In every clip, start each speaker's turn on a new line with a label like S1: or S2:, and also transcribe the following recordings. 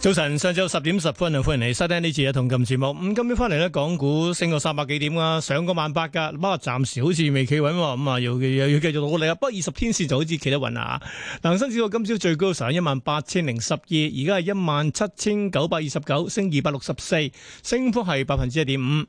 S1: 早晨，上晝十點十分啊，歡迎你收聽呢次嘅《同琴節目》。咁今朝翻嚟咧，港股升過三百幾點啊，上個萬八噶，不過暫時好似未企穩喎，咁啊，又又要繼續努力啊。不過二十天線就好似企得穩啊。恆生指數今朝最高成一萬八千零十二，而家係一萬七千九百二十九，升二百六十四，升幅係百分之一點五。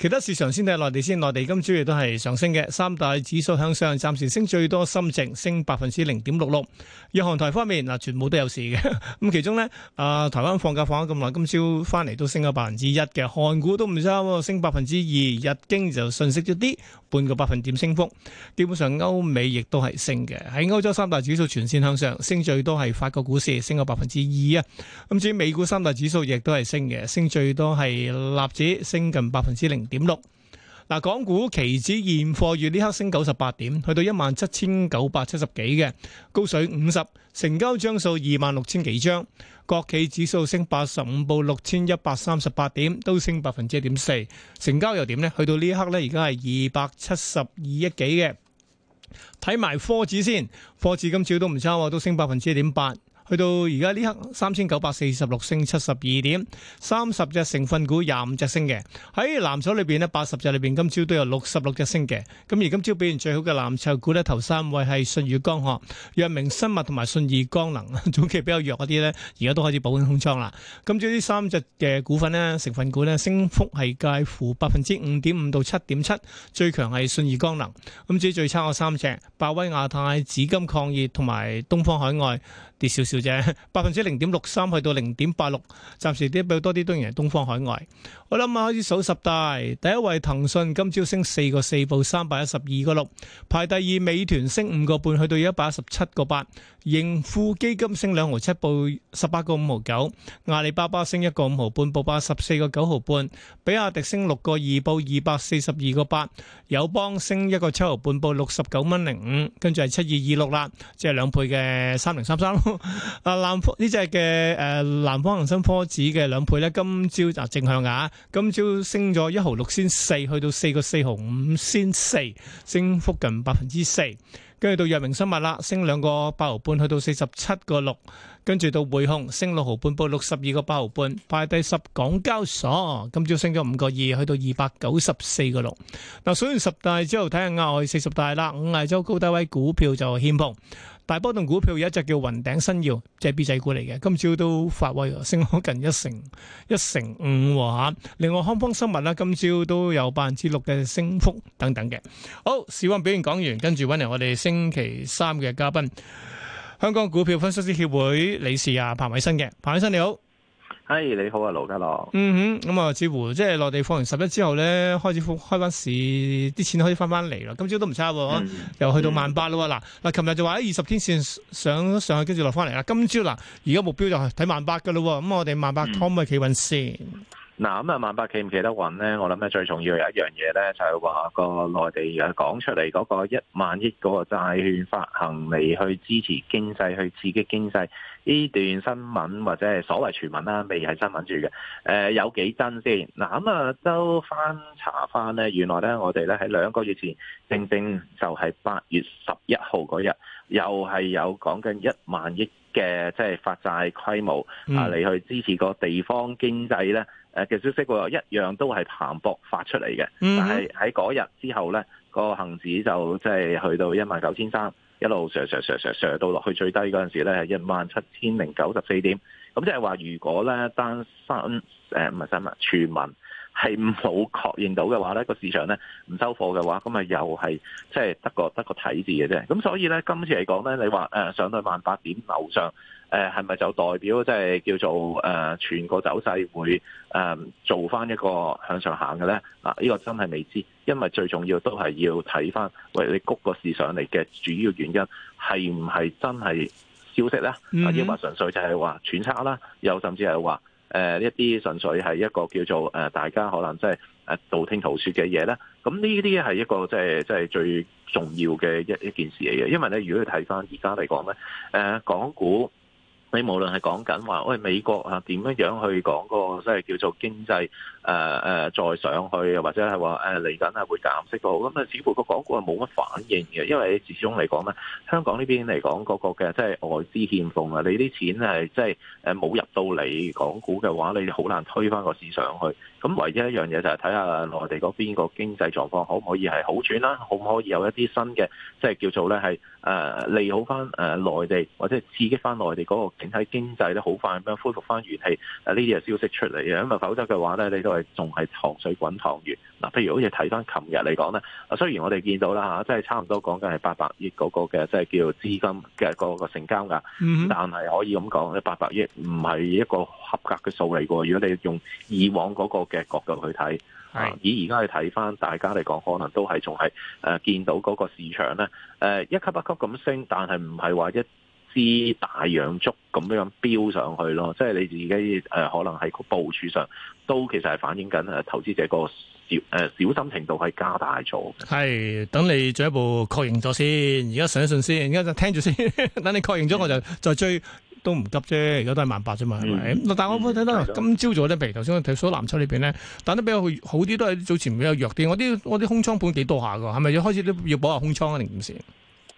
S1: 其他市場先睇內地先，內地今朝亦都係上升嘅，三大指數向上，暫時升最多深證升百分之零點六六。日韓台方面嗱，全部都有市嘅，咁 其中呢，啊、呃、台灣放假放咗咁耐，今朝翻嚟都升咗百分之一嘅，韓股都唔差喎，升百分之二，日經就順息咗啲，半個百分點升幅。基本上歐美亦都係升嘅，喺歐洲三大指數全線向上，升最多係法國股市升咗百分之二啊，咁至於美股三大指數亦都係升嘅，升最多係納指升近百分之零點六嗱，港股期指現貨月呢刻升九十八點，去到一萬七千九百七十幾嘅高水五十，成交張數二萬六千幾張，國企指數升八十五，報六千一百三十八點，都升百分之一點四，成交又點呢？去到呢一刻呢，而家係二百七十二億幾嘅，睇埋科指先，科指今次我都唔差喎，都升百分之一點八。去到而家呢刻三千九百四十六升七十二點，三十隻成分股廿五隻升嘅喺藍籌裏邊呢，八十隻裏邊今朝都有六十六隻升嘅。咁而今朝表現最好嘅藍籌股呢，頭三位係信義光學、藥明生物同埋信義光能，短期比較弱嗰啲呢，而家都開始保滿空倉啦。咁至於呢三隻嘅股份呢，成分股呢，升幅係介乎百分之五點五到七點七，最強係信義光能。咁至於最差嘅三隻，百威亞太、紫金礦業同埋東方海外。跌少少啫，百分之零點六三去到零點八六，暫時跌比較多啲都係東方海外。我諗啊，開始數十大，第一位騰訊今朝升四個四報，三百一十二個六，排第二美團升五個半去到一百一十七個八，盈富基金升兩毫七報，十八個五毫九，阿里巴巴升一個五毫半，報八十四個九毫半，比亞迪升六個二報，二百四十二個八，友邦升一個七毫半，報六十九蚊零五，跟住係七二二六啦，即係兩倍嘅三零三三。啊，南呢隻嘅誒，南方恒生科指嘅兩倍呢，今朝就正向嘅吓，今朝升咗一毫六仙四，去到四個四毫五仙四，升幅近百分之四，跟住到藥明生物啦，升兩個八毫半，去到四十七個六，跟住到匯控升六毫半，報六十二個八毫半，派第十港交所今朝升咗五個二，去到二百九十四個六。嗱，數完十大之後睇下額外四十大啦，五亞洲高低位股票就欠奉。大波動股票有一隻叫雲頂新耀，即係 B 仔股嚟嘅，今朝都發威了，升咗近一成一成五吓啊。另外康方生物咧，今朝都有百分之六嘅升幅等等嘅。好，市況表現講完，跟住揾嚟我哋星期三嘅嘉賓，香港股票分析師協會理事啊，彭偉新嘅，彭偉新你好。哎，你好啊，盧家樂。嗯哼，咁、嗯、啊，似乎即係落地放完十一之後咧，開始開翻市，啲錢可以翻翻嚟喇。今朝都唔差喎，又去到萬八啦。嗱、嗯、嗱，琴日就話喺二十天線上上去，跟住落翻嚟啦。今朝嗱，而家目標就係睇萬八噶啦。咁我哋萬八可唔可以企穩先。
S2: 嗱咁啊，萬八企唔企得穩咧？我諗咧最重要有一樣嘢咧，就係話個內地講講出嚟嗰個一萬億嗰個債券發行嚟去支持經濟、去刺激經濟呢段新聞或者係所謂傳聞啦，未係新聞住嘅。誒有幾真先？嗱咁啊，都翻查翻咧，原來咧我哋咧喺兩個月前，正正就係八月十一號嗰日，又係有講緊一萬億嘅即係發債規模啊嚟、嗯、去支持個地方經濟咧。誒嘅消息一樣都係彭博發出嚟嘅，但係喺嗰日之後呢，個恆指就即係去到一萬九千三，一路上,上、上,上,上,上、上,上,上,上、瀡瀡到落去最低嗰陣時呢，咧，一萬七千零九十四點。咁即係話，如果呢單新誒唔係新聞，傳聞係冇確認到嘅話呢、個市場呢唔收貨嘅話，咁咪又係即係得個得個睇字嘅啫。咁所以呢，今次嚟講呢，你話誒、呃、上到萬八點樓上。誒係咪就代表即係叫做誒全個走勢會誒做翻一個向上行嘅咧？啊！呢個真係未知，因為最重要都係要睇翻，喂你谷個市上嚟嘅主要原因係唔係真係消息咧？啊，抑或純粹就係話揣測啦，又甚至係話誒一啲純粹係一個叫做誒、呃、大家可能即係誒道聽途説嘅嘢咧。咁呢啲係一個即係即係最重要嘅一一件事嚟嘅，因為咧，如果你睇翻而家嚟講咧，誒、呃、港股。你無論係講緊話，喂美國啊點樣去講個即係叫做經濟誒誒再上去，或者係話誒嚟緊係會減息到，咁啊似乎個港股係冇乜反應嘅，因為始終嚟講咧，香港呢邊嚟講個個嘅即係外資欠奉啊，你啲錢係即係冇入到嚟港股嘅話，你好難推返個市上去。咁唯一一樣嘢就係睇下內地嗰邊個經濟狀況可唔可以係好轉啦、啊？可唔可以有一啲新嘅即係叫做咧係誒利好翻誒內地或者刺激翻內地嗰個整體經濟咧好快咁樣恢復翻元氣啊！呢啲嘅消息出嚟嘅，咁為否則嘅話咧，你都係仲係糖水滾糖漿。嗱、啊。譬如好似睇翻琴日嚟講咧，雖然我哋見到啦嚇、啊，即係差唔多講緊係八百億嗰、那個嘅即係叫資金嘅個個成交額、嗯，但係可以咁講，八百億唔係一個合格嘅數嚟喎。如果你用以往嗰、那個嘅角度去睇，以而家去睇翻，大家嚟講可能都係仲係誒見到嗰個市場咧，誒一級一級咁升，但係唔係話一支大陽燭咁樣飆上去咯，即係你自己誒可能喺個部署上都其實係反映緊誒投資者個小誒、呃、小心程度係加大咗。
S1: 係，等你進一步確認咗先，而家上一信先，而家就聽住先，等你確認咗我就再追。都唔急啫，而家都係萬八啫嘛，係、嗯、咪？但係我冇睇到，今朝早咧譬如頭先我睇所藍籌呢邊咧，但比都比較好啲，都係早前比較弱啲。我啲我啲空倉盤幾多下㗎？係咪要開始都要補下空倉啊？定點先？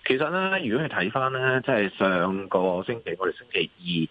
S2: 其實咧，如果你睇翻咧，即、就、係、是、上個星期我哋星期二誒呢、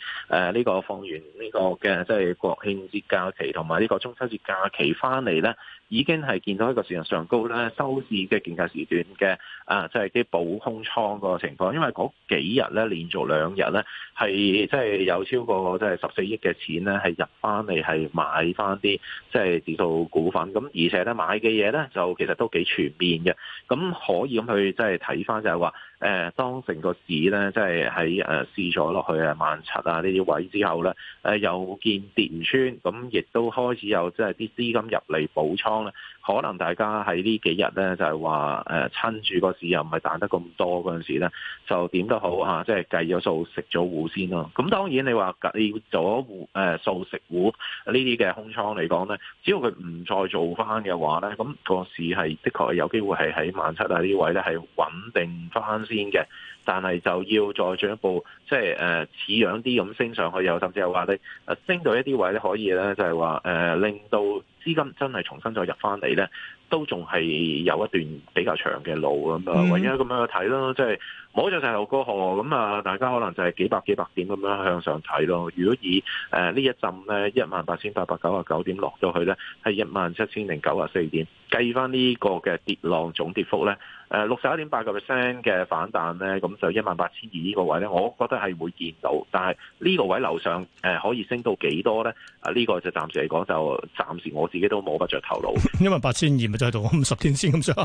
S2: 呃這個放完呢、這個嘅，即、就、係、是、國慶節假期同埋呢個中秋節假期翻嚟咧。已經係見到一個市場上高咧，收市嘅競價時段嘅啊，即係啲補空倉個情況，因為嗰幾日咧連續兩日咧係即係有超過即係十四億嘅錢咧係入翻嚟係買翻啲即係指數股份，咁而且咧買嘅嘢咧就其實都幾全面嘅，咁可以咁去即係睇翻就係、是、話。誒當成個市咧，即係喺誒試咗落去啊萬七啊呢啲位之後咧，誒又見跌唔穿，咁亦都開始有即係啲資金入嚟補倉咧。可能大家喺呢幾日咧，就係話誒親住個市又唔係彈得咁多嗰陣時咧，就點都好啊，即係計咗數食咗戶先咯。咁當然你話計咗戶誒數食戶呢啲嘅空倉嚟講咧，只要佢唔再做翻嘅話咧，咁個市係的確係有機會係喺萬七啊呢位咧係穩定翻。先嘅，但係就要再進一步，即係誒似樣啲咁升上去，又甚至係話，你、啊、升到一啲位咧可以咧，就係、是、話，誒、呃、令到資金真係重新再入翻嚟咧。都仲係有一段比較長嘅路咁啊，或者咁樣去睇咯，即係摸住石頭過河咁啊！大家可能就係幾百幾百點咁樣向上睇咯。如果以誒呢一陣咧一萬八千八百九啊九點落咗去咧，係一萬七千零九啊四點，計翻呢個嘅跌浪總跌幅咧，誒六十一點八個 percent 嘅反彈咧，咁就一萬八千二呢個位咧，我覺得係會見到。但係呢個位樓上誒可以升到幾多咧？啊、這、呢個就暫時嚟講就暫時我自己都摸不着頭腦。
S1: 八千二。再做五十天先咁上下，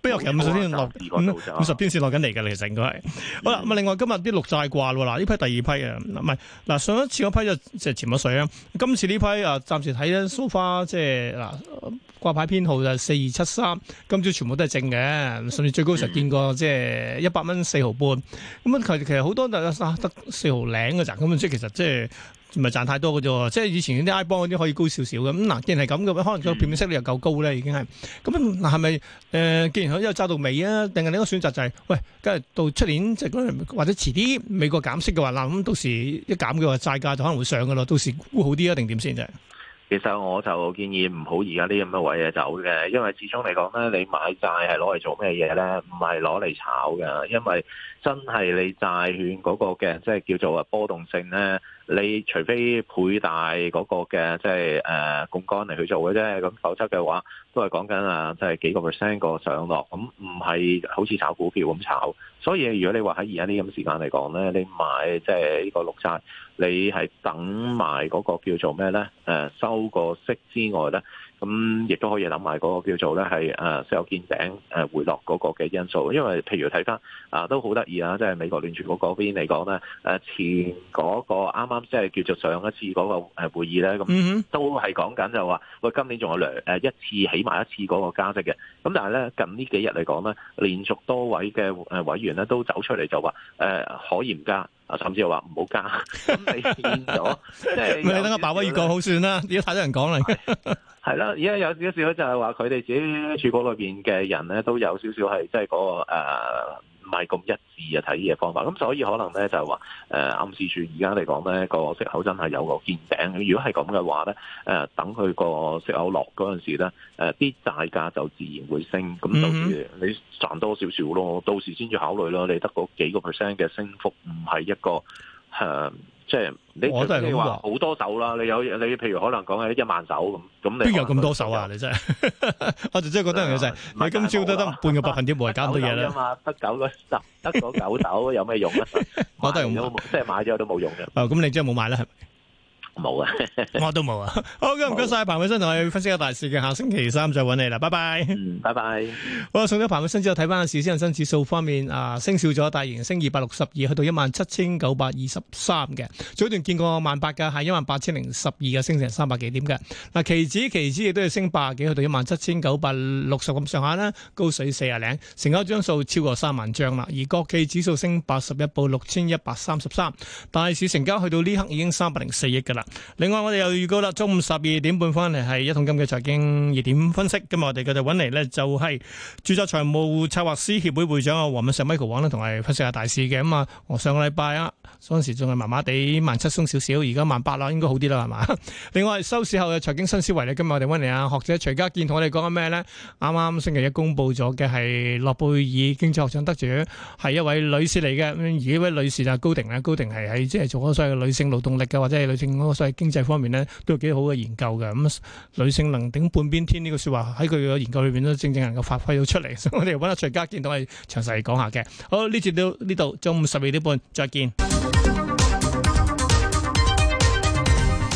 S1: 不過其實五十天落五十天先落緊嚟嘅，其實應該係好啦。咁啊，另外今日啲綠債掛啦，呢批第二批啊，唔係嗱，上一次嗰批就即係潛咗水啊。今次呢批啊，暫時睇緊 So far，即係嗱，掛牌編號就係四二七三，今朝全部都係正嘅，甚至最高時見過即係一百蚊四毫半。咁其其實好多得得、啊、四毫零嘅咋，咁即係其實即、就、係、是。唔係賺太多嘅啫，即係以前啲 I Bond 嗰啲可以高少少嘅。咁、嗯、嗱，既然係咁嘅話，可能個票面息率又夠高咧，嗯、已經係。咁嗱，係咪誒？既然佢一路揸到尾啊，定係另一個選擇就係、是，喂，跟住到出年即係或者遲啲美國減息嘅話，嗱，咁到時一減嘅話，債價就可能會上嘅咯。到時沽好啲啊，定點先啫？
S2: 其實我就建議唔好而家啲咁嘅位嘢走嘅，因為始終嚟講咧，你買債係攞嚟做咩嘢咧？唔係攞嚟炒嘅，因為真係你債券嗰個嘅即係叫做啊波動性咧。你除非佩戴嗰個嘅即係誒槓桿嚟去做嘅啫，咁否則嘅話都係講緊啊，即係幾個 percent 個上落，咁唔係好似炒股票咁炒。所以如果你話喺而家呢咁時間嚟講咧，你買即係呢個綠債，你係等埋嗰個叫做咩咧？誒收個息之外咧。咁亦都可以諗埋嗰個叫做咧係誒石油見頂誒回落嗰個嘅因素，因為譬如睇翻啊都好得意啊，即係美國聯儲局嗰邊嚟講咧誒前嗰個啱啱即係叫做上一次嗰個誒會議咧，咁都係講緊就話，喂今年仲有兩誒一次起埋一次嗰個加息嘅，咁但係咧近呢幾日嚟講咧，連續多位嘅委員咧都走出嚟就話誒可以唔加啊，甚至係話唔好加。咁 你見咗即
S1: 係，等我把威要講好算啦，而家太多人講嚟
S2: 係啦，而家有少少就係話佢哋自己處股裏面嘅人咧，都有少少係即係嗰個唔係咁一致嘅睇嘢方法。咁所以可能咧就係話誒、呃、暗示住而家嚟講咧個息口真係有個見頂。如果係咁嘅話咧、呃，等佢個息口落嗰陣時咧，啲、呃、債價就自然會升。咁就你賺多少少咯，到時先至考慮咯。你得嗰幾個 percent 嘅升幅唔係一個誒。呃即係，你我都係咁話，好多手啦！你有你譬如可能講係一萬手咁，咁邊有咁多
S1: 手啊？你真係， 我就真係覺得人、呃、係係有勢。你今朝都得半個百分點冇，係搞到嘢啦。
S2: 得九個十，得嗰九手有咩用啊？我、就係、都係冇，即係買咗都冇用
S1: 嘅。咁、嗯、你真係冇買啦。係。冇啊，我都冇啊。好，咁唔該晒彭偉新同我哋分析下大市嘅。下星期三再揾你啦，拜拜、嗯。拜拜。好，送咗彭偉新之後，睇翻下市先。恒生指數方面，啊、呃，升少咗，但係仍然升二百六十二，去到一萬七千九百二十三嘅。早段見過萬八嘅，係一萬八千零十二嘅，升成三百幾點嘅。嗱，期指、期指亦都係升八啊幾，去到一萬七千九百六十咁上下啦，高水四啊零。成交張數超過三萬張啦，而國企指數升八十一，報六千一百三十三。大市成交去到呢刻已經三百零四億噶啦。另外，我哋又預告啦，中午十二點半翻嚟係一桶金嘅財經熱點分析。今日我哋繼續揾嚟咧，就係註冊財務策劃師協會會長啊，黃敏石 Michael 黃咧，同埋分析下大市嘅咁啊。我上個禮拜啊。嗰陣時仲係麻麻地萬七鬆少少，而家萬八啦，應該好啲啦，係嘛？另外收市後嘅財經新思維咧，今日我哋揾嚟阿學者徐家健同我哋講緊咩咧？啱啱星期一公布咗嘅係諾貝爾經濟學獎得主，係一位女士嚟嘅，嗯。而呢位女士就高婷咧，高婷係喺即係做所謂嘅女性勞動力嘅或者係女性嗰個所謂經濟方面咧都有幾好嘅研究嘅。咁、嗯、女性能頂半邊天呢個説話喺佢嘅研究裏邊都正正能夠發揮到出嚟。所以我哋揾阿徐家健同我哋詳細講下嘅。好，呢節到呢度中午十二點半再見。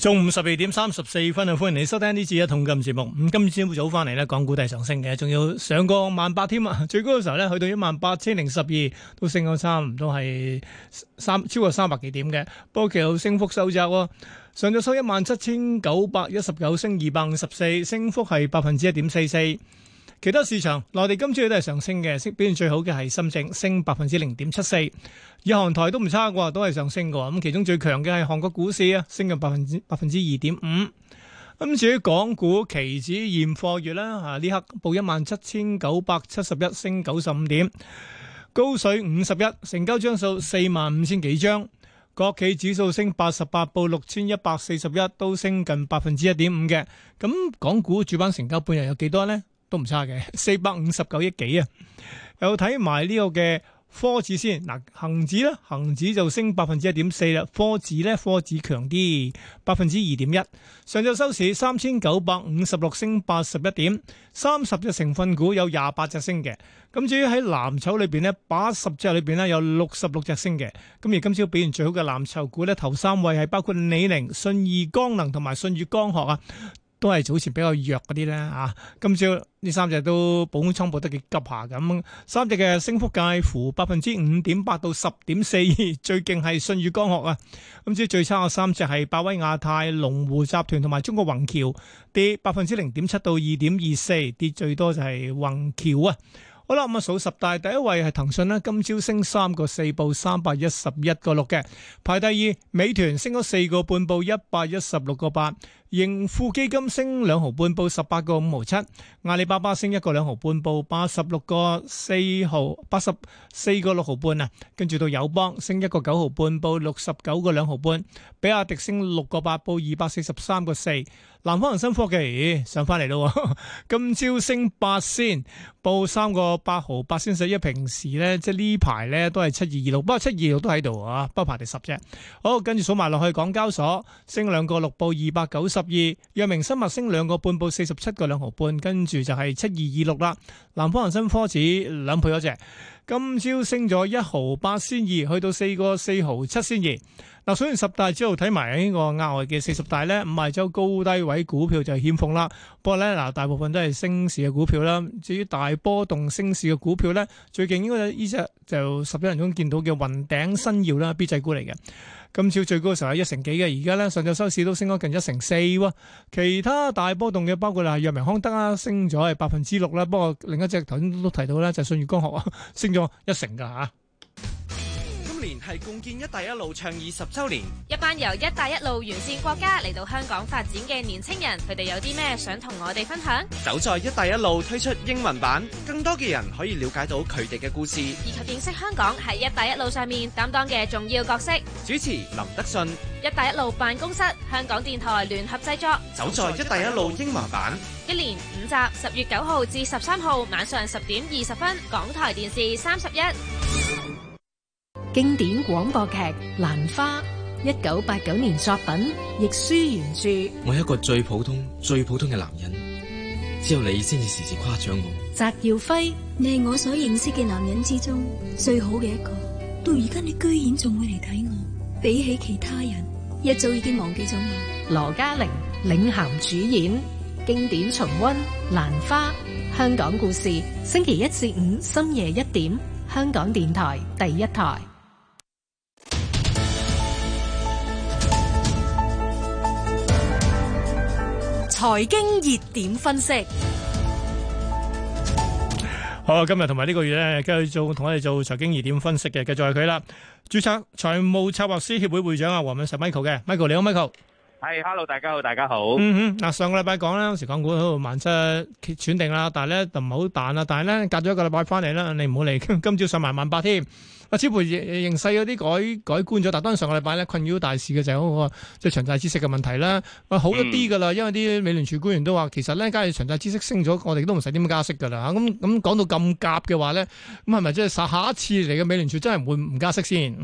S1: 中午十二點三十四分啊，歡迎你收聽呢次一桶金節目。今日朝早翻嚟，港股係上升嘅，仲要上過萬八添啊！最高嘅時候去到一萬八千零十二，都升咗差唔多係三超過三百幾點嘅。不過其後升幅收窄喎，上晝收一萬七千九百一十九，升二百五十四，升幅係百分之一點四四。其他市場，內地今朝都係上升嘅，升表現最好嘅係深證，升百分之零點七四。日韓台都唔差啩，都係上升嘅。咁其中最強嘅係韓國股市啊，升近百分之百分之二點五。咁至於港股期指現貨月啦，啊呢刻報一萬七千九百七十一，升九十五點，高水五十一，成交張數四萬五千幾張。國企指數升八十八，報六千一百四十一，都升近百分之一點五嘅。咁港股主板成交半日有幾多呢？都唔差嘅，四百五十九億幾啊！又睇埋呢個嘅科指先，嗱，恒指咧，恒指就升百分之一點四啦，科指咧，科指強啲，百分之二點一。上晝收市三千九百五十六升八十一點，三十隻成分股有廿八隻升嘅。咁至於喺藍籌裏邊呢，八十隻裏邊呢，有六十六隻升嘅。咁而今朝表現最好嘅藍籌股呢，頭三位係包括李寧、信義光能同埋信義光學啊。都係早前比較弱嗰啲咧啊！今朝呢三隻都保倉保得幾急下咁，三隻嘅升幅介乎百分之五點八到十點四，最勁係舜宇光學啊！今朝最差嘅三隻係百威亞太、龍湖集團同埋中國宏橋跌百分之零點七到二點二四，跌最多就係宏橋啊！好啦，咁啊數十大第一位係騰訊啦，今朝升三個四報三百一十一個六嘅，排第二美團升咗四個半報一百一十六個八。盈富基金升兩毫半，報十八個五毫七；阿里巴巴升一個兩毫半，報八十六個四毫八十四個六毫半啊！跟住到友邦升一個九毫半，報六十九個兩毫半；比亞迪升六個八，報二百四十三個四。南方恒生科技上翻嚟咯，今朝升八仙，報三個八毫八仙十一。因為平時咧，即係呢排咧都係七二二六，不過七二六都喺度啊，不過排第十啫。好，跟住數埋落去港交所，升兩個六，報二百九十。十二藥明生物升兩個半部，報四十七個兩毫半，跟住就係七二二六啦。南方恒生科指兩倍咗隻，今朝升咗一毫八仙二，去到四個四毫七仙二。嗱，所以十大之後睇埋呢個額外嘅四十大咧，五日周高低位股票就係欠奉啦。不過咧嗱，大部分都係升市嘅股票啦。至於大波動升市嘅股票咧，最近應該呢隻就十一人中見到嘅雲頂新耀啦，B 制股嚟嘅。今朝最高嘅時候係一成幾嘅，而家咧上晝收市都升咗近一成四喎。其他大波動嘅包括係藥明康德啊，升咗係百分之六啦。不過另一隻頭先都提到啦，就係舜宇光學啊，升咗一成噶吓。係共建“一帶一路”倡議十週年，
S3: 一班由“一帶一路”完善國家嚟到香港發展嘅年輕人，佢哋有啲咩想同我哋分享？
S1: 走在“一帶一路”推出英文版，更多嘅人可以瞭解到佢哋嘅故事，以
S3: 及認識香港喺“一帶一路”上面擔當嘅重要角色。
S1: 主持林德信，
S3: 一帶一路辦公室，香港電台聯合製作《走在一帶一路》
S1: 英文版，
S3: 一連五集，十月九號至十三號晚上十點二十分，港台電視三十一。
S1: 經典廣播劇
S2: 《蘭花》，一九八九年作品，亦舒原著。
S3: 我係一個最普通、最普通嘅男人，只有你先至時時誇獎我。
S2: 翟耀輝，
S1: 你係我所認識嘅男人之中最好嘅一個。到而家你居然仲會嚟睇我，比起其他人，一早已經忘記咗我。
S2: 羅嘉玲領銜主演，經典重温《蘭花》，香港故事，星期一至五深夜一點，香港電台第一台。財經
S1: 熱點分析，好啊！今日同埋呢個月咧繼續做，同我哋做財經熱點分析嘅，繼續係佢啦。注冊財務策劃師協會會長啊，黃敏實 Michael 嘅，Michael 你好，Michael
S3: 係，Hello，大家好，大家好。嗯哼，
S1: 嗱，上個禮拜講啦，有時港股喺度萬七跌穿定啦，但係咧就唔好彈啦。但係咧隔咗一個禮拜翻嚟啦，你唔好嚟，今朝上埋萬八添。啊，似乎形勢嗰啲改改觀咗，但當上個禮拜咧困擾大事嘅就係嗰個即係長債孳息嘅問題啦。好一啲噶啦，嗯、因為啲美聯儲官員都話，其實咧，假如長債孳息升咗，我哋都唔使點樣加息噶啦。咁咁講到咁夾嘅話咧，咁係咪即係下一次嚟嘅美聯儲真係會唔加息先？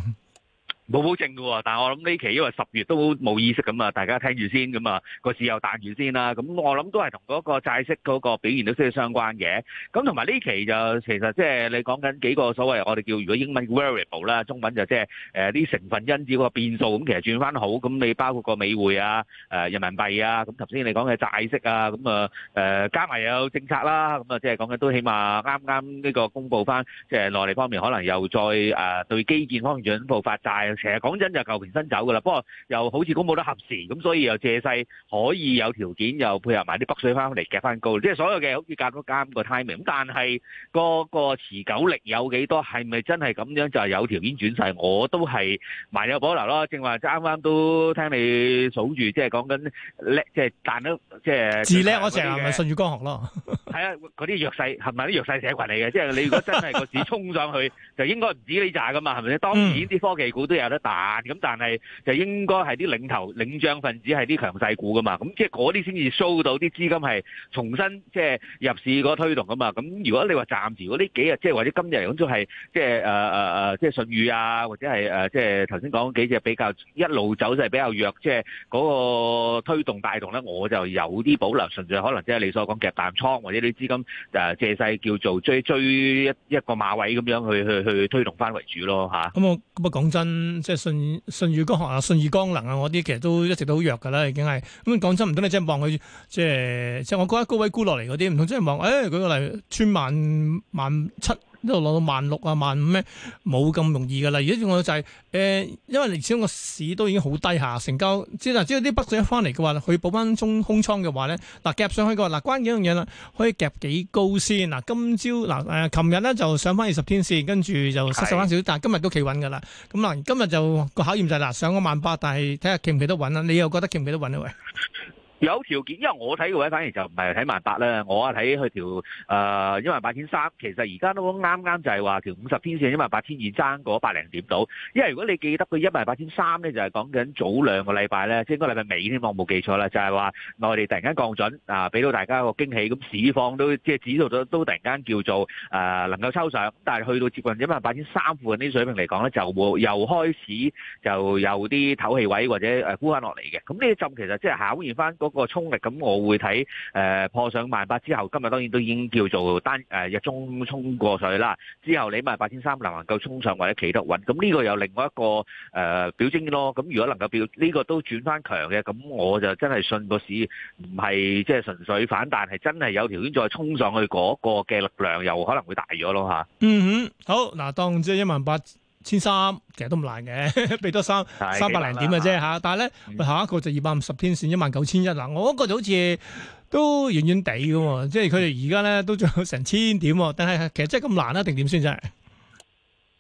S3: 冇保證㗎喎，但係我諗呢期因為十月都冇意識咁啊，大家聽住先，咁啊個市又彈住先啦。咁我諗都係同嗰個債息嗰個表現都非常相關嘅。咁同埋呢期就其實即係你講緊幾個所謂我哋叫如果英文 variable 啦，中文就即係誒啲成分因子個變數。咁其實轉翻好，咁你包括個美匯啊、誒人民幣啊，咁頭先你講嘅債息啊，咁啊誒加埋有政策啦，咁啊即係講緊都起碼啱啱呢個公佈翻，即係內地方面可能又再誒對基建方面進一步發債。成日講真就舊瓶新走㗎啦，不過又好似股冇得合時，咁所以又借勢可以有條件又配合埋啲北水翻嚟夾翻高，即係所有嘅好似隔都監個 timing。咁但係個個持久力有幾多，係咪真係咁樣就係有條件轉勢？我都係萬有保留咯。正話即係啱啱都聽你數住，即係講緊叻，即係彈得，即係自叻。我成日咪信住江學咯。係啊，嗰啲弱勢係咪啲弱勢社群嚟嘅？即係你如果真係個市衝上去，就應該唔止呢扎㗎嘛？係咪先？當然啲科技股都有。有得彈咁，但係就應該係啲領頭領漲分子係啲強勢股噶嘛，咁即係嗰啲先至 show 到啲資金係重新即係、就是、入市個推動噶嘛。咁如果你話暫時，嗰啲幾日即係或者今日嚟講都係即係呃呃誒，即係信譽啊，或者係呃即係頭先講幾隻比較一路走勢比較弱，即係嗰個推動帶動咧，我就有啲保留，純粹可能即係你所講夾淡倉，或者啲資金誒借勢叫做追追一一個馬位咁樣去去去推動翻為主咯吓，
S1: 咁我咁啊講真，即係信信義光學啊，信義光能啊，嗰啲其實都一直都好弱噶啦，已經係，咁講真唔通你真係望佢即係即係我覺得高位沽落嚟嗰啲，唔通即係望誒，舉個例，穿萬萬七。一路攞到萬六啊，萬五咩冇咁容易噶啦。而家我就係、是、誒、呃，因為嚟始個市都已經好低下，成交即係但係只要啲北水一翻嚟嘅話，佢補翻中空倉嘅話咧，嗱夾上去個嗱，關幾樣嘢啦，可以夾幾高先嗱？今朝嗱誒，琴日咧就上翻二十天線，跟住就失手翻少但今日都企穩噶、嗯、啦。咁嗱，今日就個考驗就係、是、嗱，上個萬八，但係睇下企唔企得穩啦。你又覺得企唔企得穩啊？喂！
S3: 有條件，因為我睇嘅位反而就唔係睇萬八啦，我啊睇佢條誒一萬八千三，其實而家都啱啱就係話條五十天線一萬八千二爭過百零點到。因為如果你記得佢一萬八千三咧，就係講緊早兩個禮拜咧，即係嗰個禮拜尾添，我冇記錯啦，就係話內地突然間降準啊，俾到大家個驚喜，咁市況都即係指數都，都突然間叫做誒能夠抽上，但係去到接近一萬八千三附近啲水平嚟講咧，就會又開始就有啲唞氣位或者沽翻落嚟嘅。咁呢一陣其實即係考驗翻。嗰、那個衝力，咁我會睇誒、呃、破上萬八之後，今日當然都已經叫做單誒日、呃、中衝過水啦。之後你萬八千三能唔能夠衝上或者企得穩，咁呢個有另外一個誒、呃、表徵咯。咁如果能夠表呢、這個都轉翻強嘅，咁我就真係信個市唔係即係純粹反彈，係真係有條件再衝上去嗰個嘅力量又可能會大咗咯嚇。嗯
S1: 哼，好嗱，那當即係一萬八千三其實都唔難嘅，俾多三三百零點嘅啫吓。但係咧下一個就二百五十天線一萬九千一嗱，我嗰個就好似都遠遠地㗎，即係佢哋而家咧都仲有成千點，但係其實真係咁難啊？定點先啫？真
S3: 係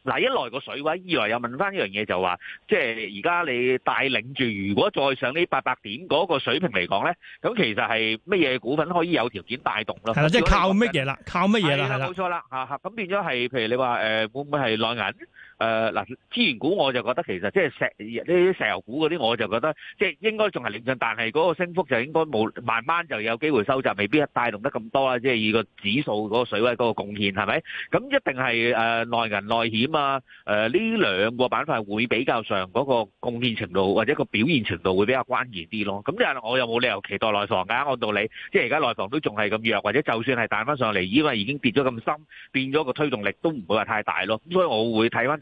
S3: 嗱，一來個水位，二來又問翻一樣嘢，就話即係而家你帶領住，如果再上呢八百點嗰個水平嚟講咧，咁其實係乜嘢股份可以有條件帶動咯？係啦，即係靠乜嘢啦？靠乜嘢啦？係啦，冇錯啦吓吓。咁變咗係，譬如你話誒，會唔會係內銀？誒、呃、嗱，資源股我就覺得其實即係石呢啲石油股嗰啲，我就覺得即係應該仲係領漲，但係嗰個升幅就應該冇慢慢就有機會收窄，未必帶動得咁多啦。即係以個指數嗰、那個水位嗰、那個貢獻係咪？咁一定係誒內銀內險啊！誒、呃、呢兩個板塊會比較上嗰、那個貢獻程度或者個表現程度會比較關鍵啲咯。咁即係我又冇理由期待內房㗎？按道理即係而家內房都仲係咁弱，或者就算係彈翻上嚟，因為已經跌咗咁深，變咗個推動力都唔會話太大咯。所以我會睇翻。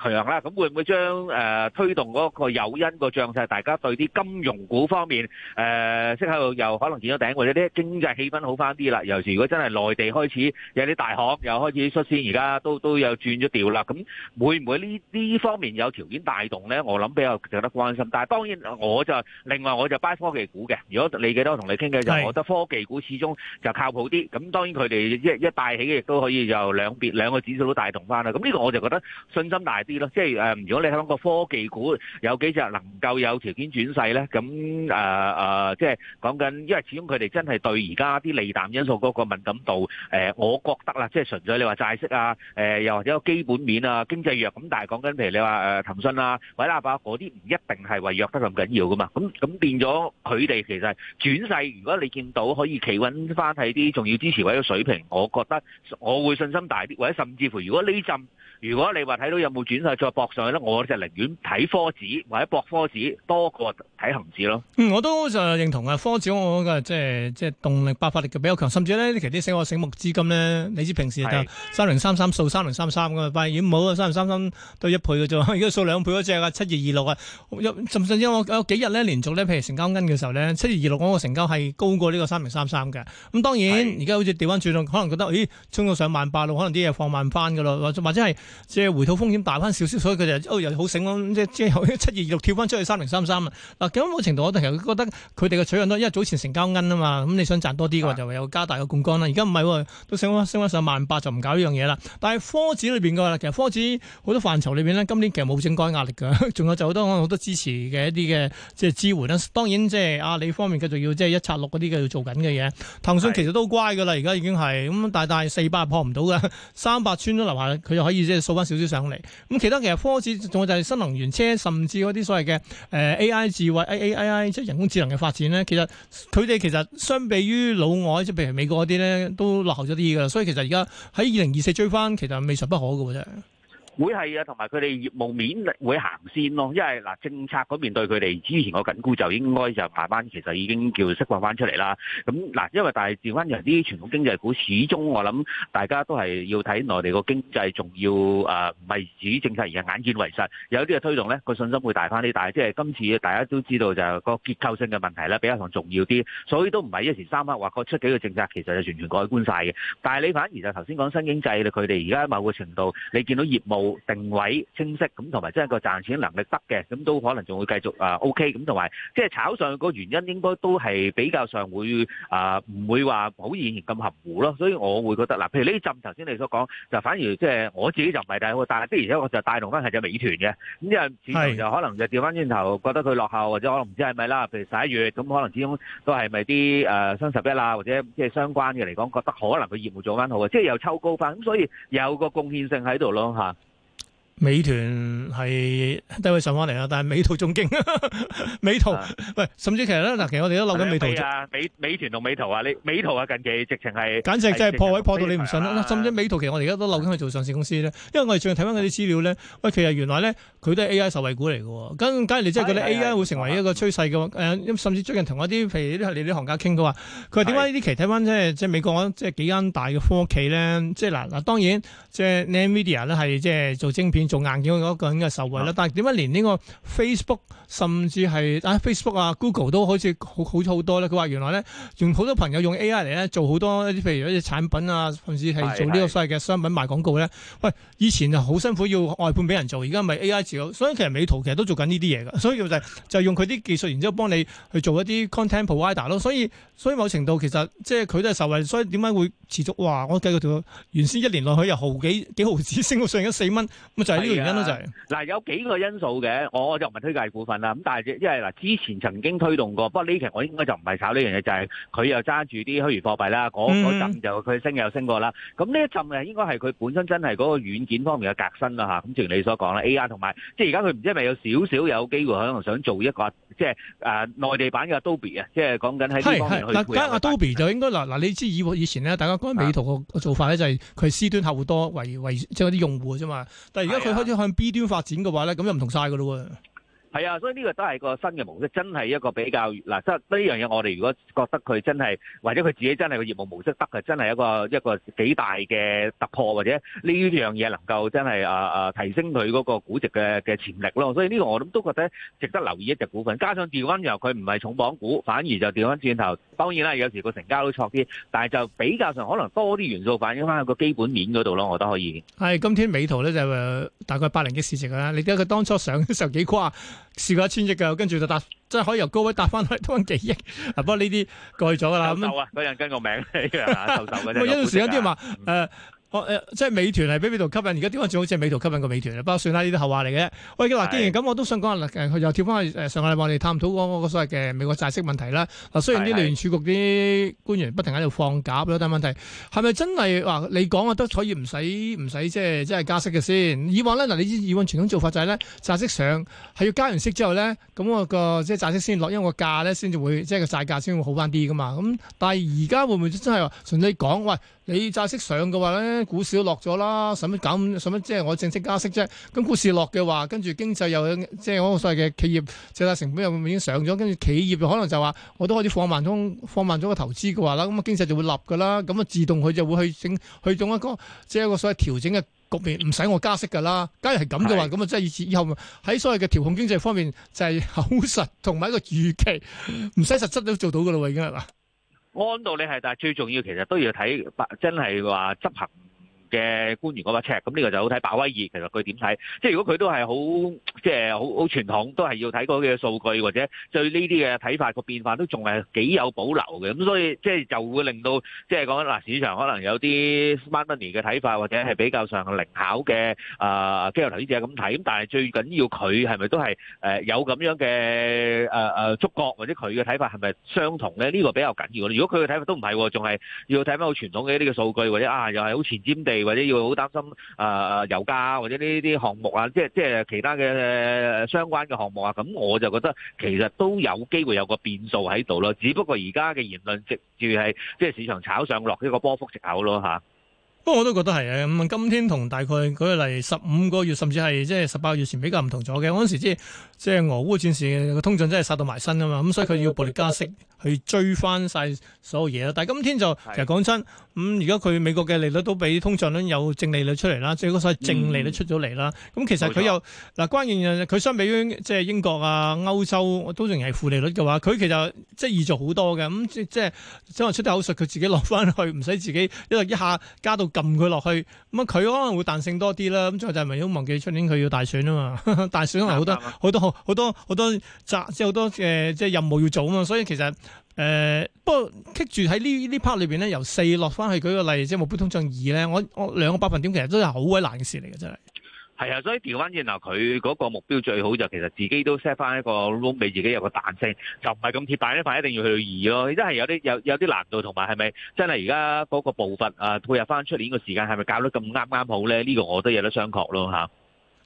S3: 強、嗯、啦，咁會唔會將誒、呃、推動嗰個誘因個漲勢？大家對啲金融股方面誒，即、呃、係又可能見咗頂，或者啲經濟氣氛好翻啲啦。尤其如果真係內地開始有啲大行又開始率先，而家都都有轉咗調啦。咁會唔會呢呢方面有條件帶動咧？我諗比較值得關心。但係當然我就另外我就 buy 科技股嘅。如果你記得我同你傾偈就，我覺得科技股始終就靠譜啲。咁當然佢哋一一帶起嘅亦都可以就兩別兩個指數都帶動翻啦。咁呢個我就覺得信心大大。啲咯，即係誒，如果你聽講個科技股有幾隻能夠有條件轉勢咧，咁誒誒，即係講緊，因為始終佢哋真係對而家啲利淡因素嗰個敏感度，誒，我覺得啦，即係純粹你話債息啊，誒，又或者個基本面啊，經濟弱，咁但係講緊譬如你話誒騰訊啊、或者偉大百嗰啲，唔一定係話弱得咁緊要噶嘛，咁咁變咗佢哋其實係轉勢，如果你見到可以企穩翻喺啲重要支持位嘅水平，我覺得我會信心大啲，或者甚至乎如果呢陣。如果你話睇到有冇轉勢再搏上去咧，我就寧願睇科指或者搏科指多過睇恒指咯。
S1: 我都就認同啊，科指我覺得即係即係動力、發發力比較強，甚至呢，其他啲醒我醒目資金呢，你知平時就三零三三數三零三三噶嘛，但係而家冇三零三三都一倍嘅啫，而家數兩倍嗰隻啊，七二二六啊，有甚至有有幾日咧連續咧，譬如成交跟嘅時候咧，七二二六嗰個成交係高過呢個三零三三嘅。咁、嗯、當然而家好似調翻轉，可能覺得咦，衝到上萬八六，可能啲嘢放慢翻嘅咯，或者或者係。即係回吐風險大翻少少，所以佢就又好醒咯，即係即係七二二六跳翻出去三零三三啊！嗱，咁某程度我都其實覺得佢哋嘅取向都因為早前成交奀啊嘛，咁你想賺多啲嘅話就唯有加大個槓杆啦。而家唔係喎，都升翻升翻上萬八就唔搞呢樣嘢啦。但係科指裏邊嘅話，其實科指好多範疇裏邊呢，今年其實冇整改壓力嘅，仲有就好多可能好多支持嘅一啲嘅即係支援啦。當然即係阿里方面繼續要即係一拆六嗰啲嘅要做緊嘅嘢，騰訊其實都乖嘅啦，而家已經係咁大大四百破唔到嘅，三百穿都留下佢就可以掃翻少少上嚟，咁，其他其實科技仲有就係新能源車，甚至嗰啲所謂嘅誒 A I 智慧 A A I 即係人工智能嘅發展咧。其實佢哋其實相比於老外，即係譬如美國嗰啲咧，都落後咗啲㗎。所以其實而家喺二零二四追翻，其實未嘗不可㗎啫。
S3: 會係啊，同埋佢哋業務面會行先咯，因為嗱政策嗰面對佢哋之前個緊箍咒應該就慢慢，其實已經叫釋放翻出嚟啦。咁嗱，因為但係調翻入啲傳統經濟股，始終我諗大家都係要睇內地個經濟，仲要啊唔係只政策，而係眼見為實。有啲嘅推動咧，個信心會大翻啲。但係即係今次大家都知道就係個結構性嘅問題咧比較重要啲，所以都唔係一時三刻話個出幾個政策其實就完全改觀曬嘅。但係你反而就頭先講新經濟啦，佢哋而家某個程度你見到業務。定位清晰咁，同埋真係個賺錢能力得嘅，咁都可能仲會繼續啊 OK 咁，同埋即係炒上個原因，應該都係比較上會啊，唔會話好以前咁含糊咯。所以我會覺得嗱，譬如呢浸頭先你所講，就反而即係我自己就唔係大戶，但係的而且確就帶動翻係隻美團嘅咁，因為市場就可能就調翻轉頭，覺得佢落後或者可能唔知係咪啦。譬如十一月咁，可能始終都係咪啲誒雙十一啊，或者即係相關嘅嚟講，覺得可能佢業務做翻好啊，即係又抽高翻，咁所以有個貢獻性喺度咯嚇。
S1: 美團係低位上翻嚟啦，但係美圖仲勁。 美圖、啊、喂，甚至其實咧，嗱，其實我哋都漏緊美圖啫、啊。
S3: 美團同美圖啊，你美圖啊，近期直情係簡直真係破位破到你唔信啦、
S1: 啊。甚至美圖，其實我哋而家都漏緊去做上市公司咧、啊。因為我哋最近睇翻嗰啲資料咧、啊，喂，其實原來咧佢都係 AI 受惠股嚟嘅。咁假如你真係覺得 AI 會成為一個趨勢嘅，誒、啊呃，甚至最近同一啲，譬如啲你啲行家傾都話，佢話點解呢啲？其實睇翻即係即係美國即係幾間大嘅科企咧，即係嗱嗱，當然即係 Nvidia 咧係即係做晶片。做硬件嗰一個人嘅受惠啦，但係點解連呢個 Facebook 甚至係啊 Facebook 啊 Google 都好似好好咗好多咧？佢話原來咧用好多朋友用 AI 嚟咧做好多一啲譬如一啲產品啊，甚至係做呢個所謂嘅商品賣廣告咧。喂，以前就好辛苦要外判俾人做，而家咪 AI 自有，所以其實美圖其實都做緊呢啲嘢㗎。所以就係、就、用佢啲技術，然之後幫你去做一啲 content provider 咯。所以所以某程度其實即係佢都係受惠，所以點解會持續哇？我計佢條原先一年落去又毫幾幾毫子升到上咗四蚊咁就。呢、這個原因咯就
S3: 係、是、嗱、哎、有幾個因素嘅，我就唔係推介股份啦。咁但係因為嗱之前曾經推動過，不過呢期我應該就唔係炒呢樣嘢，就係、是、佢又揸住啲虛擬貨幣啦。嗰陣、嗯、就佢升又升過啦。咁呢一陣咧應該係佢本身真係嗰個軟件方面嘅革新啦嚇。咁正如你所講啦 AI 同埋即係而家佢唔知係咪有少少有機會可能想做一個即係誒內地版嘅 Adobe 啊，即係講緊喺呢方面去配合。係係，嗱而家
S1: Adobe、嗯、就應該嗱嗱，你知以以前咧，大家講美圖個做法咧就係佢係 C 端客戶多為為即係啲用戶啫嘛。但係而家佢開始向 B 端發展嘅話咧，咁又唔同曬㗎喇喎。
S3: 係啊，所以呢個都係個新嘅模式，真係一個比較嗱，係呢樣嘢我哋如果覺得佢真係或者佢自己真係個業務模式得嘅，真係一個一個幾大嘅突破，或者呢樣嘢能夠真係啊啊提升佢嗰個估值嘅嘅潛力咯。所以呢個我諗都覺得值得留意一隻股份，加上調翻轉頭佢唔係重磅股，反而就調翻轉頭。當然啦，有時個成交都錯啲，但係就比較上可能多啲元素反映翻喺個基本面嗰度咯。我都可以。
S1: 係，今天美圖咧就大概八零嘅市值啦。你睇佢當初上上幾誇？試過一千億㗎，跟住就搭即係可以由高位搭翻去都幾億，不過呢啲過咗㗎啦。投啊，嗰、嗯、
S3: 人跟 個名嚟㗎，投手㗎啫。有段時間有啲
S1: 人話誒。嗯呃哦呃、即係美團係畀美圖吸引，而家點解仲好似係美圖吸引過美團咧？不過算啦，呢啲後話嚟嘅。喂，嗱，既然咁，我都想講下，佢、呃、又跳翻去上個禮拜我哋探討嗰個所謂嘅美國債息問題啦。嗱，雖然啲聯儲局啲官員不停喺度放鴿，但係問題係咪真係話、呃、你講啊？都可以唔使唔使即係即係加息嘅先？以往咧，嗱，你知以往傳統做法就係呢，債息上係要加完息之後呢，咁我、嗰個即係債息先落，因為個價呢先至會即係個債價先會好翻啲噶嘛。咁但係而家會唔會真係話純粹講喂？你債息上嘅話咧，股市都落咗啦。使乜咁？使乜？即係我正式加息啫？咁股市落嘅話，跟住經濟又即係我所謂嘅企業借貸成本又已經上咗，跟住企業又可能就話我都開始放慢咗放慢咗個投資嘅話啦，咁啊經濟就會立㗎啦。咁啊自動佢就會去整去種一個即係一個所謂調整嘅局面，唔使我加息㗎啦。假如係咁嘅話，咁啊即係以後喺所謂嘅調控經濟方面就係、是、口實同埋一個預期，唔使實質都做到嘅啦，已經係嘛？
S3: 按道理係，但係最重要其實都要睇，真係話執行嘅官員嗰把尺，咁呢個就好睇。鮑威爾其實佢點睇？即係如果佢都係好，即係好好傳統，都係要睇嗰啲嘅數據或者對呢啲嘅睇法個變化都仲係幾有保留嘅。咁所以即係、就是、就會令到即係講嗱，市場可能有啲 smart money 嘅睇法，或者係比較上靈巧嘅啊金融投資者咁睇。咁但係最緊要佢係咪都係誒有咁樣嘅誒誒觸覺，或者佢嘅睇法係咪相同咧？呢、呢個比較緊要。如果佢嘅睇法都唔係，仲係要睇翻好傳統嘅呢個數據，或者啊又係好前瞻地。或者要好擔心誒誒、呃、油價或者呢啲項目啊，即係即係其他嘅相關嘅項目啊，咁我就覺得其實都有機會有個變數喺度咯。只不過而家嘅言論接住係即係市場炒上落呢個波幅直口咯吓，
S1: 不過我都覺得係啊。咁、嗯、今日同大概舉例十五個月，甚至係即係十八個月前比較唔同咗嘅。我嗰時即係即係俄烏戰事嘅通脹真係殺到埋身啊嘛，咁、嗯、所以佢要暴力加息。去追翻晒所有嘢啦，但係今天就其實講真，咁而家佢美國嘅利率都比通脹率有正利率出嚟啦，即係嗰個正利率出咗嚟啦。咁、嗯、其實佢又嗱關鍵，佢相比於即係英國啊、歐洲，都仲係負利率嘅話，佢其實即係易做好多嘅。咁即係即係，話出啲口術，佢自己落翻去，唔使自己因為一下加到撳佢落去，咁啊佢可能會彈性多啲啦。咁最後就係咪好忘記出年佢要大選啊嘛， 大選可能好多好多好多好多,多即係好多嘅、呃、即係任務要做啊嘛，所以其實。誒、呃，不過 keep 住喺呢呢 part 裏面，咧，由四落翻去舉個例子，即係目標通脹二咧，我我兩個百分點其實都係好鬼難嘅事嚟嘅，真係。
S3: 係啊，所以調翻轉頭，佢嗰個目標最好就其實自己都 set 翻一個 room 俾自己有個彈性，就唔係咁貼大呢塊，一,一定要去二咯，真係有啲有有啲難度，同埋係咪真係而家嗰個步伐啊，配合翻出年個時間係咪教得咁啱啱好咧？呢、呢個我都有得商榷咯嚇。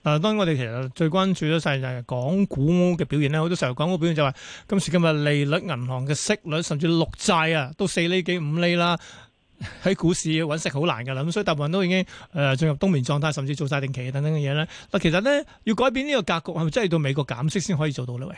S1: 誒當然我哋其實最關注咗晒就係港股嘅表現咧，好多時候港股表現就係、是、今時今日利率、銀行嘅息率，甚至六債啊都四厘幾五厘啦，喺股市搵息好難噶啦，咁所以大部分都已經誒進、呃、入冬眠狀態，甚至做晒定期等等嘅嘢咧。嗱，其實咧要改變呢個格局，係咪真係到美國減息先可以做到呢？喂？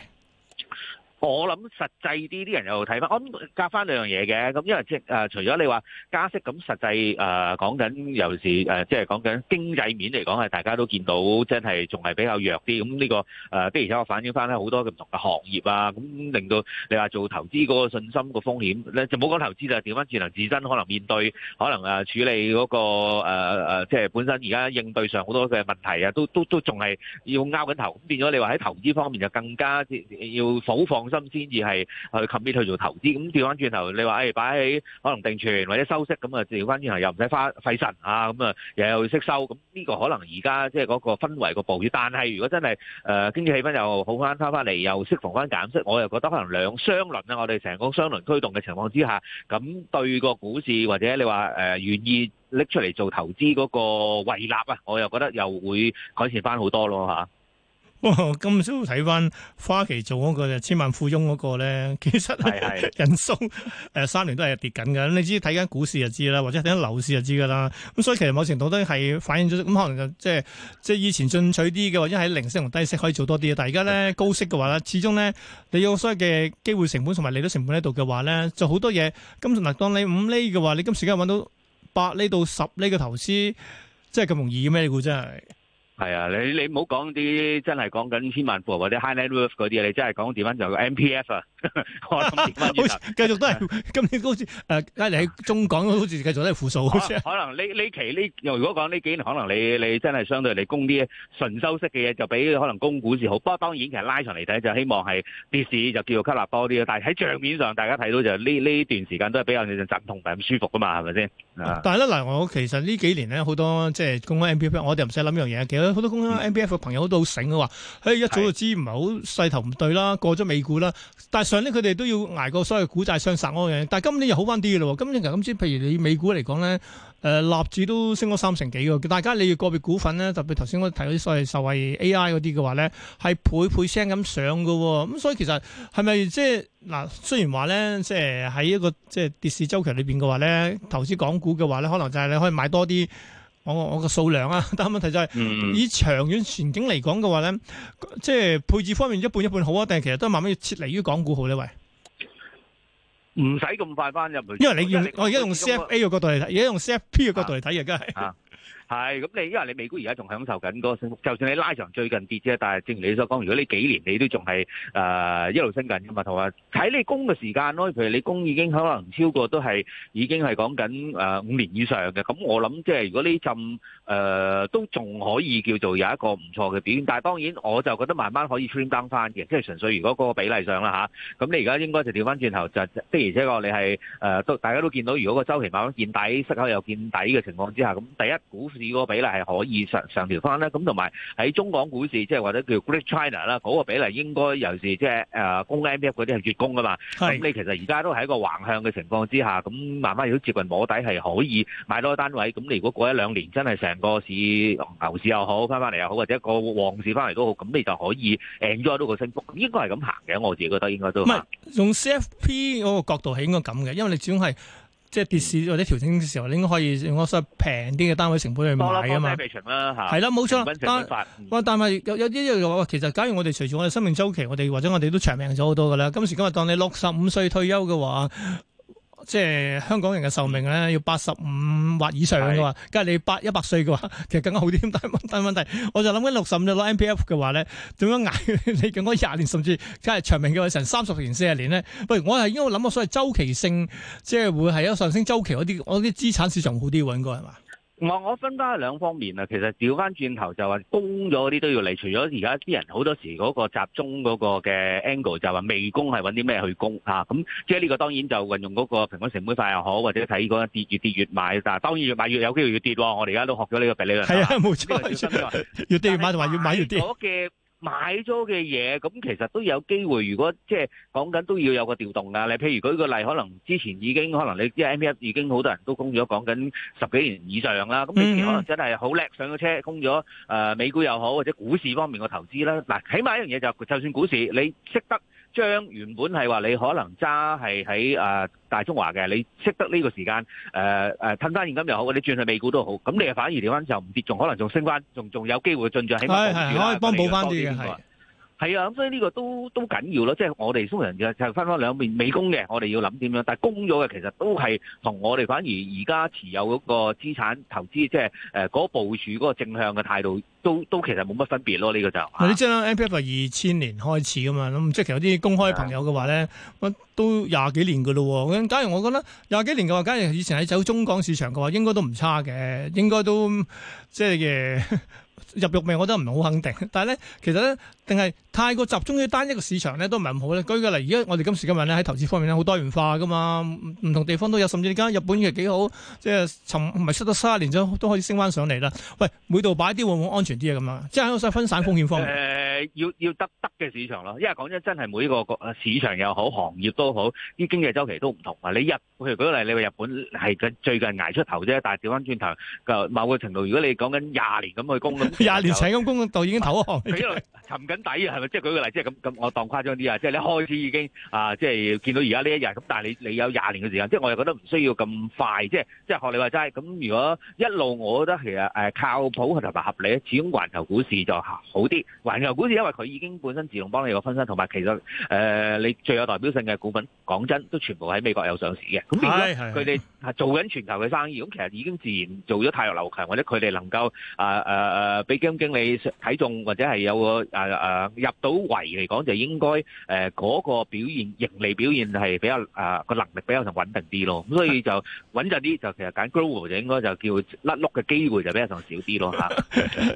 S3: 我諗實際啲啲人又睇翻，我諗夾翻兩樣嘢嘅，咁因為即誒除咗你話加息，咁實際誒講緊尤其係即係講緊經濟面嚟講，係大家都見到，真係仲係比較弱啲。咁呢個誒、呃、的而且我反映翻咧好多唔同嘅行業啊，咁令到你話做投資嗰個信心個風險咧，就冇講投資就調翻轉頭自身可能面對可能誒、啊、處理嗰個誒即係本身而家應對上好多嘅問題啊，都都都仲係要拗緊頭。咁變咗你話喺投資方面就更加要否放。用心先至係去 commit 去做投資，咁調翻轉頭，你話誒擺喺可能定存或者收息，咁啊調翻轉頭又唔使花費神啊，咁啊又有息收，咁呢個可能而家即係嗰個氛圍個部署。但係如果真係誒經濟氣氛又好翻翻翻嚟，又適逢翻減息，我又覺得可能兩雙輪啊，我哋成個雙輪推動嘅情況之下，咁對個股市或者你話誒、呃、願意拎出嚟做投資嗰個維納啊，我又覺得又會改善翻好多咯嚇。
S1: 哇、哦！今朝睇翻花旗做嗰、嗰個就千萬富翁嗰個咧，其實係人數誒 三年都係跌緊㗎。你知睇緊股市就知啦，或者睇緊樓市就知噶啦。咁所以其實某程度都係反映咗咁，可能就即係即係以前進取啲嘅，或者喺零息同低息可以做多啲。但係而家咧高息嘅話咧，始終咧你要所有嘅機會成本同埋利率成本喺度嘅話咧，就好多嘢。咁嗱，當你五厘嘅話，你今時間搵到八厘到十厘嘅投資，真係咁容易咩？你估真係？
S3: 係啊，你你唔好講啲真係講緊千萬富豪或者 high net worth 嗰啲你真係講點樣就個 M P F 啊，
S1: 我諗點樣繼續都係， 今年好似誒拉你喺中港都好似繼續都係負數，可能
S3: 呢呢期呢，如果講呢幾年，可能你你真係相對嚟供啲純收息嘅嘢，就比可能供股市好。不過當然，其實拉長嚟睇就希望係跌市就叫做吸納多啲。但係喺賬面上，大家睇到就呢呢 段時間都係比較陣痛唔係咁舒服噶嘛，係咪先？
S1: 但係咧嗱，我其實呢幾年咧好多即係供翻 M P F，我哋唔使諗呢樣嘢，好多公司 NBF 嘅朋友都好醒嘅話，喺一早就知唔係好勢頭唔對啦，過咗美股啦。但係上年，佢哋都要挨過所謂股債雙殺嗰樣嘢。但係今年又好翻啲嘅咯。今年其實今次，譬如你美股嚟講咧，誒、呃，納指都升咗三成幾嘅。大家你要個別股份咧，特別頭先我提嗰啲所謂受惠 AI 嗰啲嘅話咧，係倍倍聲咁上嘅。咁所以其實係咪即係嗱？雖然話咧，即係喺一個即係跌市周期裏邊嘅話咧，投資港股嘅話咧，可能就係你可以買多啲。我我個數量啊，但係問題就係，以長遠前景嚟講嘅話咧、嗯，即係配置方面一半一半好啊，定係其實都慢慢要撤離於港股好呢？喂，唔使
S3: 咁快翻入去，因為你，用因為你我而家用 CFA
S1: 嘅角度嚟睇，而、啊、家用 CFP 嘅角度嚟睇
S3: 而家係。係，咁你因為你美股而家仲享受緊嗰個升幅，就算你拉長最近跌啫，但係正如你所講，如果呢幾年你都仲係誒一路升緊嘅嘛，同埋睇你供嘅時間咯。譬如你供已經可能超過都係已經係講緊誒五年以上嘅，咁我諗即係如果呢浸誒、呃、都仲可以叫做有一個唔錯嘅表現，但係當然我就覺得慢慢可以 train down 翻嘅，即係純粹如果個比例上啦吓，咁、啊、你而家應該就調翻轉頭就的而且確你係誒都大家都見到，如果個周期慢慢見底，息口又見底嘅情況之下，咁第一股市個比例係可以上上調翻咧，咁同埋喺中港股市，即係或者叫 Great China 啦，嗰個比例應該又是即係誒公 MPF 嗰啲係月供噶嘛，咁你其實而家都係一個橫向嘅情況之下，咁慢慢如果接近摸底係可以買多一單位，咁你如果過一兩年真係成個市牛市又好翻翻嚟又好，或者個旺市翻嚟都好，咁你就可以 Enjoy 到個升幅，應該係咁行嘅，我自己覺得應該都唔係
S1: 用 CFP 嗰個角度係應該咁嘅，因為你始終係。即係跌市或者調整嘅時候，你應該可以用個稍微平啲嘅單位成本去買啊嘛。係啦，冇錯。但係，但有有啲嘢嘅話，其實假如我哋隨住我哋生命周期，我哋或者我哋都長命咗好多㗎啦。今時今日，當你六十五歲退休嘅話。即係香港人嘅壽命咧，要八十五或以上嘅話，梗係你八一百歲嘅話，其實更加好啲。但係問題，我就諗緊六十五就攞 MPF 嘅話咧，點樣挨你咁多廿年，甚至梗係長命嘅話，成三十年呢，四十年咧？喂，我係應該諗過所謂周期性，即係會係有上升周期嗰啲，我啲資產市場好啲，應該係嘛？
S3: 我我分返係兩方面啊，其實調翻轉頭就話供咗啲都要嚟，除咗而家啲人好多時嗰個集中嗰個嘅 angle 就話未供係搵啲咩去供嚇，咁即係呢個當然就運用嗰個平均成本法又好，或者睇嗰個跌越跌越買，但係當然越買越有機會越跌。我哋而家都學咗呢個比例啦。係啊，
S1: 冇錯、啊，越跌、這個、越買同埋越買越跌。
S3: 買咗嘅嘢，咁其實都有機會。如果即係講緊都要有個調動㗎。你譬如舉個例，可能之前已經可能你啲 MPF 已經好多人都供咗，講緊十幾年以上啦。咁你可能真係好叻上咗車供，供咗誒美股又好或者股市方面個投資啦。嗱，起碼一樣嘢就就算股市你識得。將原本係話你可能揸係喺啊大中華嘅，你識得呢個時間誒誒，褪、呃、返現金又好，你轉去美股都好，咁你啊反而調返就唔跌，仲可能仲升翻，仲仲有機會進帳，起碼保住啦，係啊，可以幫補翻啲。係啊，咁所以呢個都都緊要咯，即、就、係、是、我哋通常嘅就是分翻兩邊，未供嘅我哋要諗點樣，但係供咗嘅其實都係同我哋反而而家持有嗰個資產投資，即係誒嗰部署嗰個正向嘅態度，都都其實冇乜分別咯，呢、這個就
S1: 你將 MPF 二千年開始噶嘛，咁即係有啲公開朋友嘅話咧，乜都廿幾年噶咯喎，假如我覺得廿幾年嘅話，假如以前喺走中港市場嘅話，應該都唔差嘅，應該都即係嘅。就是 入肉味我覺得唔係好肯定。但係咧，其實咧，定係太過集中於單一個市場咧，都唔係唔好咧。舉個例，而家我哋今時今日咧喺投資方面咧，好多元化㗎嘛，唔同地方都有。甚至而家日本亦幾好，即係唔係出咗卅年都可以升翻上嚟啦。喂，每度擺啲會唔會安全啲啊？咁啊，即係分散風險方面。誒、
S3: 呃，要要得得嘅市場咯。因為講真個個，真係每一個市場又好，行業都好，啲經濟周期都唔同啊。你日譬如舉個例，你話日本係嘅最近捱出頭啫，但係調翻轉頭某個程度，如果你講緊廿年咁去供。
S1: 廿年請咁工，就已經投降，
S3: 沉緊底啊，係咪？即係舉個例，即係咁咁，我當誇張啲啊！即、就、係、是、你開始已經啊，即、呃、係見到而家呢一日咁，但係你你有廿年嘅時間，即係我又覺得唔需要咁快，即係即係學你話齋。咁如果一路，我覺得其實誒靠譜同埋合理，始終環球股市就好啲。環球股市，因為佢已經本身自動幫你個分身，同埋其實誒、呃、你最有代表性嘅股份，講真都全部喺美國有上市嘅。咁變咗佢哋係做緊全球嘅生意，咁其實已經自然做咗太若流強，或者佢哋能夠啊啊啊！呃呃誒俾金經理睇中，或者係有個誒誒、啊啊、入到圍嚟講，就應該誒嗰、啊那個表現盈利表現係比較誒個、啊、能力比較上穩定啲咯。咁所以就穩陣啲，就其實揀 growth 就應該就叫甩碌嘅機會就比較上少啲咯嚇。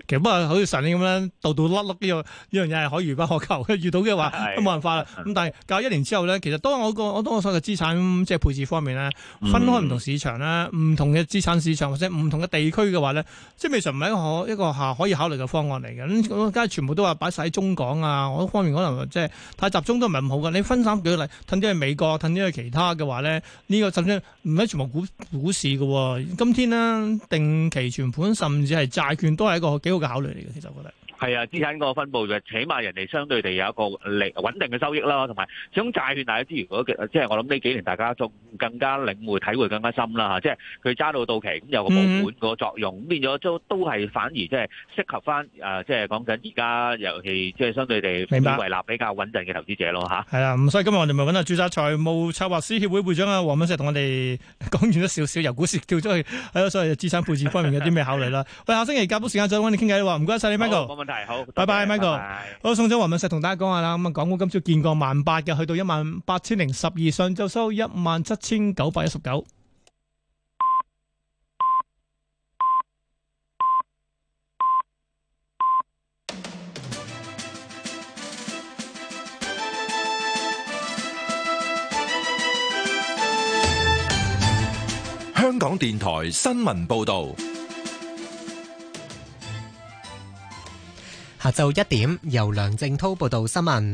S3: 其
S1: 實不過好似神咁樣度度甩碌，呢樣呢樣嘢係可遇不可求，遇到嘅話都冇辦法啦。咁但係隔一年之後咧，其實當我個我當我所謂的資產即係配置方面咧，分開唔同市場啦，唔、嗯、同嘅資產市場或者唔同嘅地區嘅話咧，即係未嘗唔係可一個可以考慮嘅方案嚟嘅，咁梗係全部都話擺晒喺中港啊，我方面可能即、就、係、是、太集中都係唔好嘅。你分散，舉個例，褪啲去美國，褪啲去其他嘅話咧，呢、這個甚至唔係全部股股市嘅、啊，今天咧定期存款甚至係債券都係一個幾好嘅考慮嚟嘅，其實我覺得。
S3: 係啊，資產嗰個分佈就起碼人哋相對地有一個利穩定嘅收益啦，同埋始終債券大家知，如果即係我諗呢幾年大家仲更加領會體會更加深啦嚇，即係佢揸到到期咁有個保本個作用，咁、嗯、變咗都都係反而即係適合翻啊！即係講緊而家尤其即係相對地啲胃納比較穩陣嘅投資者咯吓，係啊，
S1: 咁所以今日我哋咪揾下註冊財務策劃師協會會長啊黃敏石同我哋講完咗少少由股市跳出去，係咯，所謂資產配置方面有啲咩考慮啦？喂，下星期夾到時間再揾你傾偈啦，唔該晒你 Michael。
S2: 好，拜拜，Michael bye
S1: bye。好，送咗華文石同大家講下啦。咁啊，港股今朝見過萬八嘅，去到一萬八千零十二，上晝收一萬七千九百一十九。
S2: 香港電台新聞報道。
S1: 下晝一點，由梁正濤報道新聞。